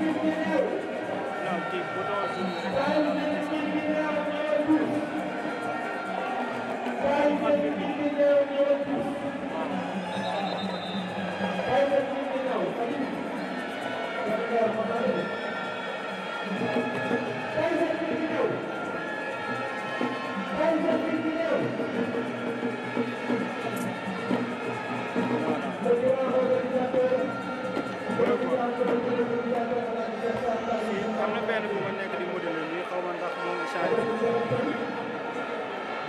Não, tem que botar uma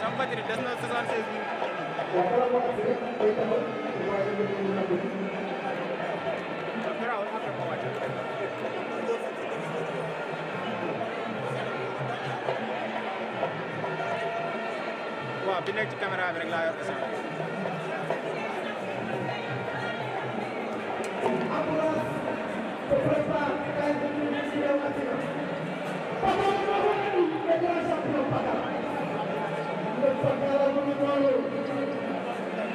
Tampa Tiri, that's not 76 minutes. waaw bi nekk ci caméra bi rek laa yor ko sax Thank you.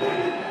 Thank you.